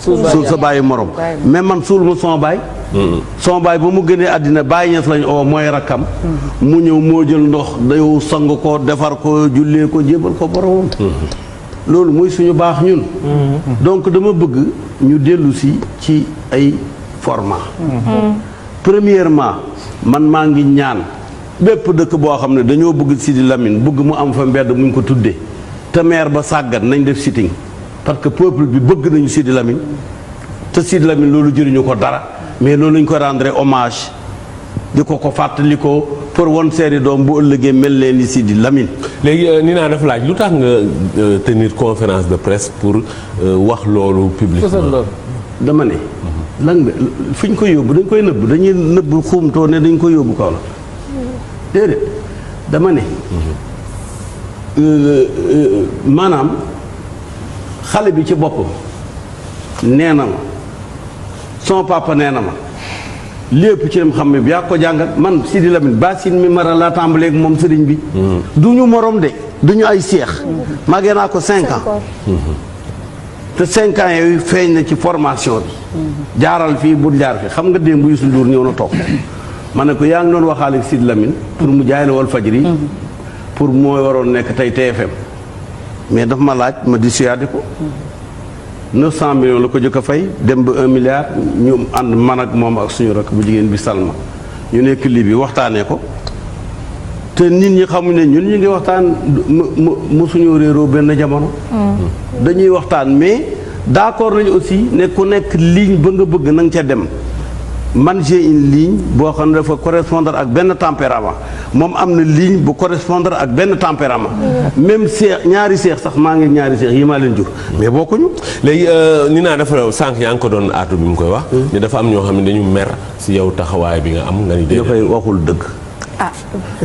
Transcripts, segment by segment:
suul sa bàyyi morom mais man suul ma sama baay sama baay ba mu génnee àddina bàyyi ñes lañ oo mooy rakkam mm-hmm. mu ñëw moo jël ndox dayow sang ko defar ko jullee ko jébal ko boromam mm-hmm. loolu mooy suñu baax ñun mm-hmm. donc dama bëgg ñu dellu si ci ay format premièrement man maa ngi ñaan bépp dëkk boo xam ne dañoo bëgg Sidi Lamine bëgg mu am fa mbedd mu ñu ko tuddee te ba sàggat nañ def sitting parce que peuple bi bëgg nañu Sidi lamin te Sidi Lamine loolu jëriñu ko dara mais loolu ñu ko rendre hommage di ko ko fàttali ko pour won seeni doom bu ëllëgee mel leen ni Sidi Lamine. léegi euh, ni naa def laaj lu tax nga euh, tenir conférence de presse pour euh, wax loolu publiquement dama ne. lan nga fi ñu koy yóbbu dañ koy nëbb dañuy nëbb xuumtoo ne dañu koy yóbbu kaw la déedéet dama ne. Mhm. maanaam. xale bi ci boppam nee na ma son papa nee na ma lépp ci lim xam ne bi yaa ko jàngal man Sidi Lamine Bassine mi mara laa tàmbaleeg moom sëriñ bi. Mm-hmm. du ñu morom de du ñu ay seex. Mm-hmm. màggee naa ko cinq ans. Mm-hmm. te cinq ans yooyu feeñ na ci formation bi. jaaral fii bu jaar fi xam nga démb Youssou Ndour ñëw na toog. ma ne ko yaa ngi doon waxaale Sidi Lamine. pour mu jaay la Walfadjri pour mooy waroon nekk tey TFM. mais daf ma laaj ma dissuadé ko. 900 millions la ko jëkk a fay dem ba un milliard ñu ànd man ak moom ak suñu rakk bu jigéen bi Salma ñu nekk lii bi waxtaanee ko te nit ñi xamuñ ne ñu ñu ngi waxtaan mu mu mu suñu réeroo benn jamono. Mm. dañuy waxtaan mais d'accord nañu aussi ne ku nekk ligne ba nga bëgg na nga ca dem. man j'ai une ligne boo xam ne dafa correspondre ak benn tempérament moom am na ligne bu correspondre ak benn tempérament même seex ñaari seex sax maa ngi ñaari seex yi maa leen jur mais bokkuñu léegi euh, ni naa dafa sànq yaa ngi ko doon aatu bi mu koy wax hmm. ne dafa am ñoo xam ne dañu mer si yow taxawaay bi nga am nga ni dafay waxul dëgg ah.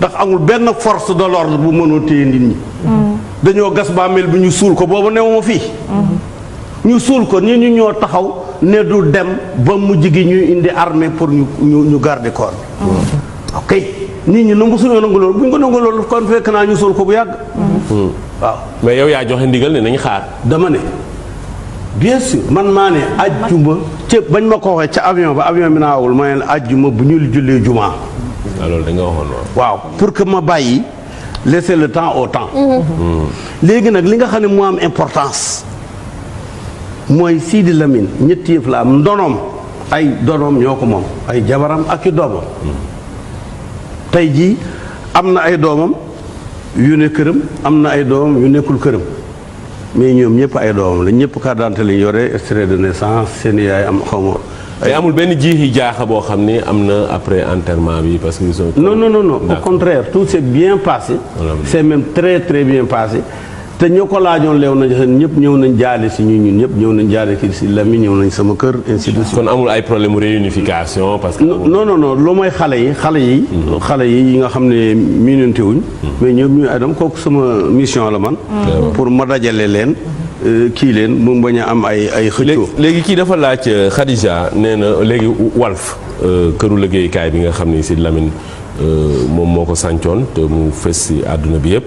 ndax amul benn force de l'ordre bu mënoo téye nit ñi dañoo gas bàmmeel bi ñu suul ko boobu newuma fii ñu suul ko nit ñu ñoo taxaw ne du dem ba mujj gi ñuy indi armée pour ñu ñu garder corps bi ok nit ñi nangu suñoo nangu loolu bu ñu ko nangu loolu kon fekk naa ñu suul ko bu yàgg hmm. waaw mais yow yaa joxe ndigal ne nañu xaar dama ne bien sûr man maa ne ajjuma ca bañ ma ko waxee ca avion ba avion bi awul ma ne ajjuma bu ñu jullee jumaa ah, loolu da nga waaw pour que ma bàyyi laisser le temps au temps mm-hmm. mm. léegi nag li nga xam ne moo am importance mooy Sidi Lamine ñetti yëf la am ndonoom ay donoom ñoo ko moom ay jabaram ak i doomam mm. tey jii am na ay doomam yu ne këram am na ay doomam yu nekkul këram mais ñom ñëpp ay doom la ñëpp carte d'identité lañ yore extrait de naissance seen yaay am xawmo ay amul ben jihi jaaxa bo xam amna am après enterrement bi parce que. ont non non non au contraire tout s'est bien passé. c'est même très très bien passé. te ñëw ko laajoon leew nañ seen ñëpp ñëw nañ jaale si ñu ñun ñëpp ñëw nañ jaale kii si lami ñëw nañ sama kër kon amul ay problème réunification parce que non non non mooy xale yi xale yi mhm. xale yi yi nga xam ne minunte wuñ mhm. mais ñu ñuy adam kooku sama mission la man mhm. pour ma dajale leen euh, kii leen mu bañ a am ay ay xëccoo léegi kii dafa laaj euh, Khadija nee na léegi Walf euh, këru liggéeykaay bi nga xam ne si Lamine moom moo ko sàncoon te mu fes si àdduna bi yëpp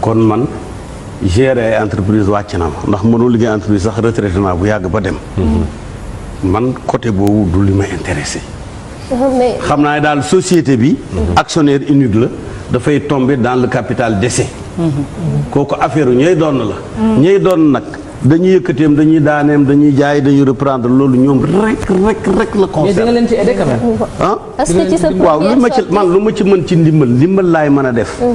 kon man gérer ay entreprise wàcc na ma ndax mënoo liggéey entreprise sax retraité naa bu yàgg ba dem mhm. man côté boobu du li ma intéressé mhm, xam naa daal société bi mhm. actionnaire unique la dafay tombe dans le capital décès kooku affaire ñooy doon la ñooy doon nag dañuy yëkkateem dañuy daaneem dañuy jaay dañuy reprendre loolu ñoom rek rek rek la concerne ah? waaw lu ma ci man lu ma ci mën ci ndimbal ndimbal laay mën a def mm.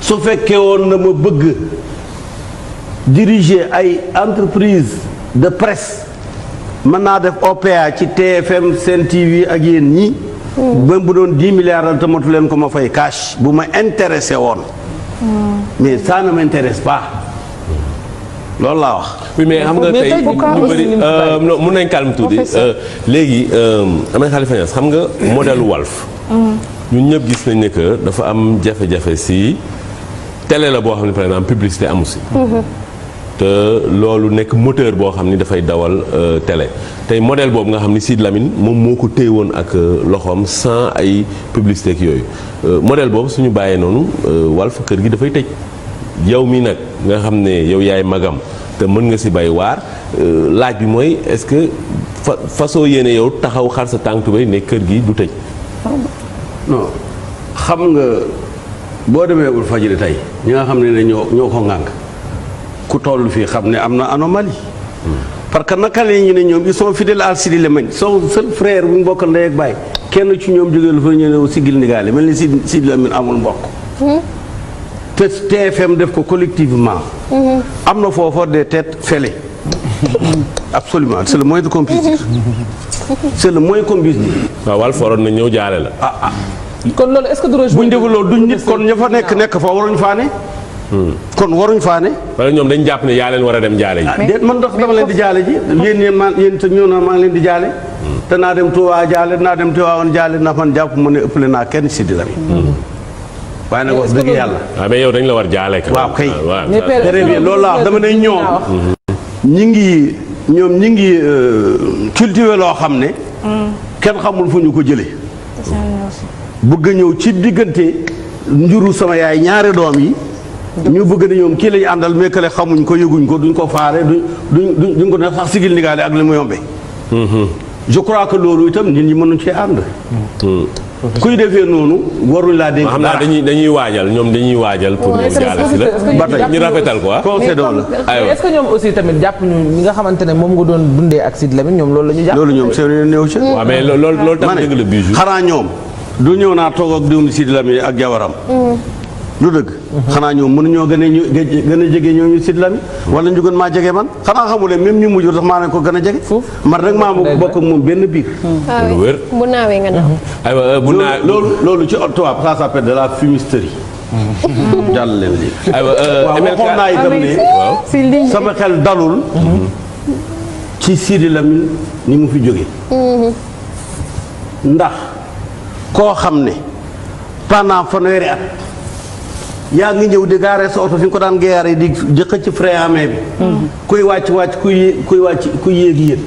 su fekkee woon na ma bëgg diriger ay entreprise de presse mën naa def OPA ci TFM Sen TV ak yéen ñi hmm. même bu doon 10 milliards te leen ko ma fay cash bu ma intéressé woon hmm. mais ça ne m'intéresse pas loolu laa wax. mais xam nga tey ñu bëri euh, mun nañ calme tuuti euh, léegi euh, am nañ Khalifa xam nga modèle Walf hmm. ñun ñëpp gis nañ ne que dafa am jafe-jafe si. télé la boo xam ne par exemple publicité amu si. te loolu nekk moteur boo xam ni dafay dawal euh, télé tey modèle boobu nga xam ni Sid lamin moom moo ko téye woon ak euh, loxoom sans ay publicité ak yooyu euh, modèle boobu suñu bàyyee noonu fa kër gi dafay tëj yow mi nag nga xam ne yow yaay magam te mën nga si bay waar laaj bi mooy est-ce que fa façon yéene yow taxaw xar sa tànk tubéy ne kër gi du tëj. xam nga. boo demee ul fajiri tey ñi nga xam ne ne ñoo ñoo ko ŋànk ku toll fii xam ne am na anomalie parce que naka la ñu ne ñoom ils sont fidèles à Sidi Lamine son seul frère bu mbokk bokk ak baay kenn ci ñoom jógee lu fa ñu ne sigil ndigaale mel ni Sidi Sidi Lamine amul mbokk te TFM def ko collectivement am na foofa des têtes fêlées absolument c'est le moyen qu'on puisse dire c'est le moyen qu'on puisse na ñëw jaale la ah, ah. kon loolu est-ce que du bu ñu nit kon ña nekk nekk fa waruñ faa ne. kon waruñ faa ne. a ñoom dañ jàpp ne yaa leen war a dem jaale ji. Ah, man dox dama leen di jaale ji yéen yéen maa yéen leen di jaale. danaa hmm. dem Touba jaale danaa dem Tivaouane jaale ndax man jàpp ma ne ëppale naa kenn si di la. Hmm. waaye nag wax dëgg yàlla. waaw ah, mais yow dañ la war jaale. waaw kay ah, très bien loolu laa wax dama ne ñoom. ñi ngi ñoom ñi ngi euh, cultivé loo xam ne. Hmm. kenn xamul fu ñu ko jëlee. bëgg a ñëw ci diggante njuru sama yaay ñaari doom yi ñu bëgg ne ñoom kii lañu àndal mais kale xamuñ ko yëguñ ko duñ ko faale duñ duñ duñ ko ne sax sigil ndigaale ak li mu yombe mm-hmm. je crois que loolu itam nit ñi mënuñ cee ànd mm-hmm. kuy defee noonu waruñ laa dénk xam naa dañuy dañuy waajal ñoom dañuy waajal pour ñu jàll si la ba tey ñu rafetal quoi concédons la est-ce que ñoom aussi tamit jàpp ñu ñi nga xamante ne moom nga doon dundee ak Sidy Lamine ñoom loolu la ñu jàpp loolu ñoom seen néew ci ñoom du ñëw naa toog ak diwum Sidi Lamine ak jawaram lu dëgg xanaa ñoom mënuñoo gën a ñu gën a jege ñooñu Sidi Lamine wala ñu gën maa jege man xanaa xamule même ñu mujjur sax maa leen ko gën a jege man rek maa mu bokk ak moom benn biir ah lu wér bu naawee nga naaw aywa euh, bu naa loolu loolu ci tubaab ça s'appelle de la fumisterie jàll leen lii aywa euh, waxoon naa itam ne sama xel dalul ci Sidi Lamine ni mu fi jóge mm-hmm. ndax koo xam ne pendant fanweeri at yaa ngi ñëw di gaaree sa oto fi nga ko daan gaaree di di xëcc frein à main bi. kuy wàcc wàcc kuy wàcc kuy yéeg yéeg.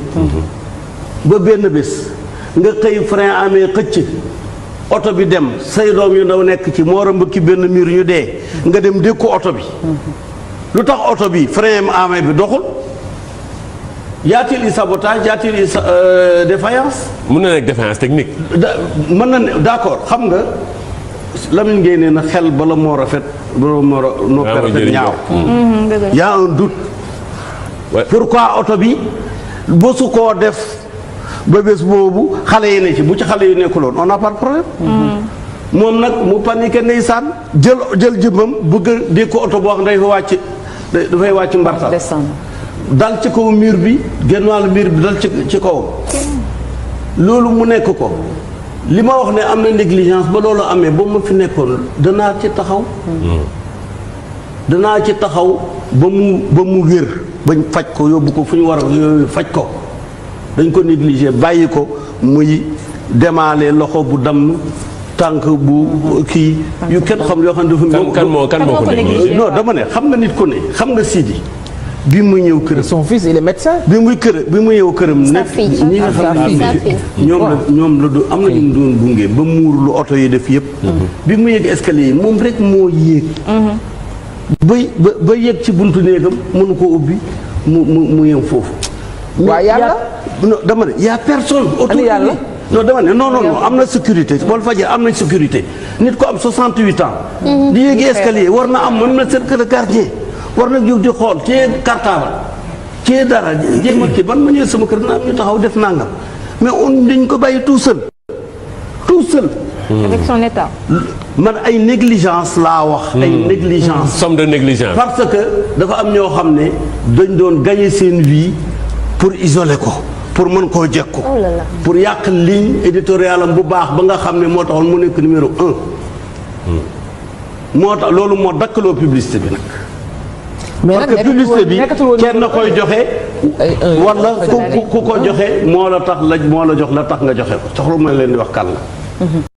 ba benn bés nga xëy frein à xëcc. oto bi dem say doom yu ndaw nekk ci moo mbëkki benn miir ñu dee nga dem dékku oto bi lu tax oto bi frein à bi doxul y a-t-il eu sabotage y a-t-il euh, na nekk défaillance technique. da mën na ne d'accord xam nga Lamine Gueye nee na xel bala moo rafet bala moo noo rafet ñaaw. Mm-hmm, y a un doute. pourquoi oto bi bësu koo def ba bés boobu xale yi ne ci bu ci xale yu nekkuloon on n'a pas de problème. Mm-hmm. moom nag mu paniqué ndeysaan jël jël jëmmam bu a dégg ko oto boo xam ne dafay wàcc dafay wàcc mbartal. dal ci kaw miir bi genn wàllu mur bi dal ci ci kaw loolu mu nekk ko li ma wax ne am na négligence ba loolu amee ba ma fi nekkoon danaa ci taxaw danaa ci taxaw ba mu ba mu wér bañ faj ko yóbbu ko fu ñu war a yooyu faj ko dañ ko négligé bàyyi ko muy demaale loxo bu dam tànk bu kii yu kenn xam yoo xam ne dafa kan ne xam nga nit ko ne xam nga Sidi son fils il est médecin. bi fille, ah, sa fille sa fille nga est la la non, non, non, non, mhm. escalier non, non, rek non, non, ba ba non, ci a personne. autour non non non non sécurité 68 ans. di war na jóg di xool cee cartable cee dara jéem a kii ban ma ñëwee sama kër naa ñu taxaw def nangam mais on dañ ko bàyyi tout seul tout seul. avec son man ay négligence laa wax. ay hmm. négligence. somme de négligence. parce que dafa am ñoo xam ne dañ doon gagner seen vie pour isoler ko pour mën koo jekku oh pour yàq ligne éditoriale am bu baax ba nga xam ne moo tax mu nekk numéro un. Hmm. moo tax loolu moo dakkaloo publicité bi nag. parce que publicité bi kenn koy joxe. wala ku ku ko joxe moo la tax la moo la jox la tax nga joxe ko soxla ma leen di wax kan la. Mm-hmm.